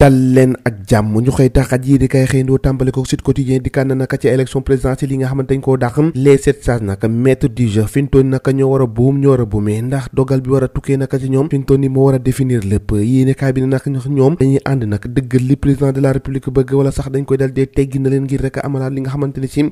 dal ak jàmm ñu taxat yi di kay xëyndoo tàmbale ko Sud Quotidien di kànn naka ci élection présidentielle yi nga xamante dañ koo dàq les sept naka maître du jeu fintoon naka ñoo war buum ñoo war buumee ndax dogal bi war tukkee naka ci ñoom fintoon moo war a lépp yéene bi ne nag ñoom dañuy ànd nag dëgg li président de la république bëgg wala sax dañ koy dal dee teggi na leen ngir rek amalaat li nga xamante ci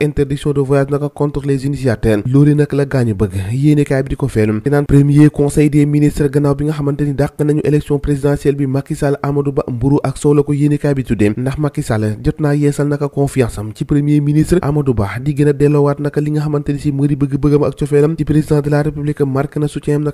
interdiction de voyage naka contre les initiateurs loolu la gaañu bëgg yéenekaay bi di ko feelum di naan premier conseil des ministres gannaaw bi nga xamante dàq nañu élection présidentielle bi Macky Sall mburu ak soow la ko yéenekaay bi tuddee ndax Macky jot naa yeesal naka confiance am ci premier ministre Amadou di gën a delloowaat naka li nga xamante ni mëri bëgg-bëggam ak cofeelam ci président de la république marqué na soutien am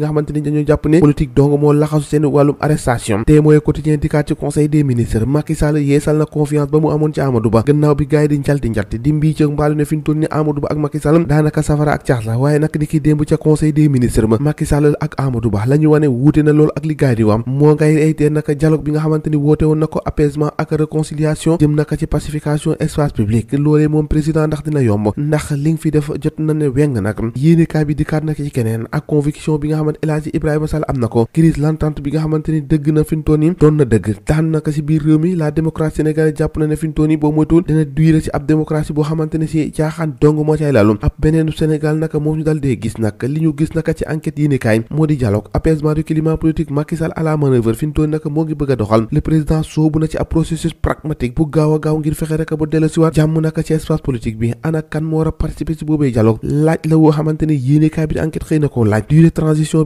na xamante ni dañoo jàpp ne politique dong moo laxasu seen wàllum arrestation te mooy quotidien ci conseil des ministres Macky yeesal na confiance ba mu amoon ci Amadou Ba gannaaw bi gars di njalti njalti di mbii cë mbaalu ne fi ñu ni Amadou Ba ak Macky Sall daanaka safara ak caax waaye nag di ki démb ca conseil des ministres ma Macky ak Amadou Ba la ñu wane wuute na loolu ak li gars di wam moo ngay aytee naka dialogue bi nga xamante woote woon na El Hadji Ibrahima am na ko crise l'entente bi nga xamante dëgg na fintoon yi dëgg daan naka si biir réew mi la démocratie sénégalaise jàpp na ne fintoon boo moytuwul dina duire si ab démocratie boo xamante ne si dong moo cay lalu ab beneenu Sénégal naka moom ñu dal dee gis nag li ñu gis naka ci enquête yi kaay moo di dialogue apaisement du climat politique Macky Sall à la manœuvre fintoon naka moo ngi bëgg a doxal le président soobu na a gaaw ngir fexe rek ba dellu siwaat jàmm naka ci espace politique bi ana kan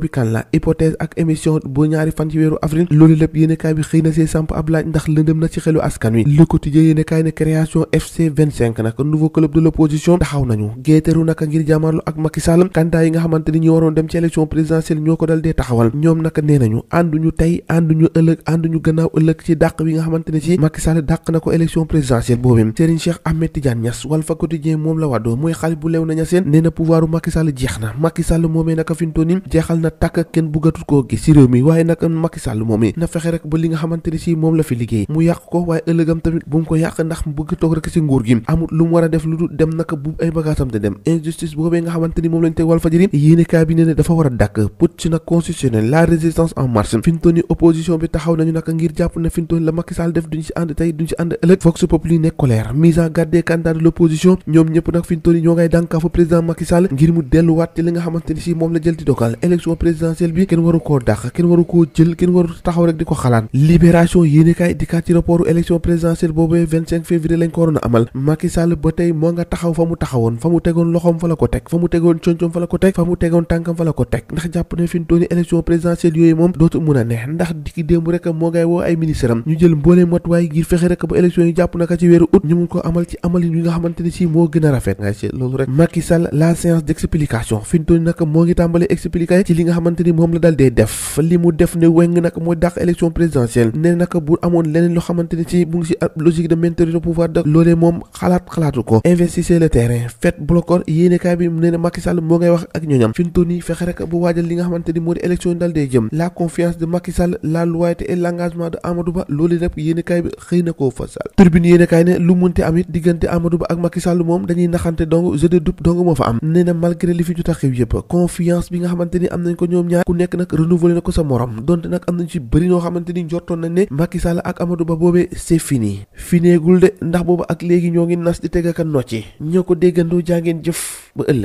bi kan la hypothèse ak émission bu ñaari fan ci weeru avril loolu lépp yéenekaay bi xëy na see samp ab laaj ndax lëndëm na ci xelu askan wi Le Quotidien yéenekaay ne création FC 25 nag nouveau club de l'opposition taxaw nañu géeteru naka ngir jàmmaarlu ni ñu waroon dem ci élection présidentielle ñoo ko dal dee taxawal ñoom naka nee nañu ànduñu tey ànduñu ëllëg ànduñu gannaaw ëllëg ci dàq bi nga xamante ci Macky Sall dàq na ko élection présidentielle takk kenn bëggatut ko gis ci réew mi waaye nag Macky Sall moom na fexe rek ba li nga xamante ne si moom la fi liggéey mu yàq ko waaye tamit bu ko yàq ndax mu bëgg toog rek lu mu war a def lu dul bu ay bagaasam te dem injustice ni moom lañ teg a dàkk putsch ngir jàpp ne fi mu toll nii la Macky Sall def duñ si moom la jël di dogal élection présidentielle bi kenn waru koo dàq kenn waru koo jël kenn waru taxaw rek di ko xalaat libération yéenekaay dikkaat ci rapportu élection présidentielle boobee 25 février lañ ko waroon a amal Macky ba tey moo nga taxaw fa mu taxawoon fa mu tegoon loxoom fa la ko teg fa mu tegoon coñcoom fa la ko teg fa mu tegoon tànkam fa la ko teg ndax jàpp ne fi mu toll yooyu moom dootu mun a neex ndax dikki démb rek moo ngay woo ay ministre am ñu nga xamante ni bi nee na Macky moo ngay wax ak ñooñam fi mu toll bu waajal li nga xamante moo di élection yi dee jëm la confiance de Macky Sall la loyauté et l'engagement de Amadou Ba loolee nag yéenekaay bi xëy na koo fasal turbine yéenekaay ne lu munte am it diggante Amadou Ba ak Macky Sall moom dañuy naxante donc jeu de double donc moo fa am nee malgré li fi jot a xew confiance bi nga xamante am na nañ ko ñoom ñaar ku nekk nag renouvelé na ko sa morom donte nag am nañ ci bëri ñoo xamante ni njortoon nañ ne Macky Sall ak Amadou Ba boobee c'est fini fineegul de ndax boobu ak léegi ñoo ngi nas di teg ak a nocci ñoo ko déggandoo jaa ngeen jëf ba ëllëg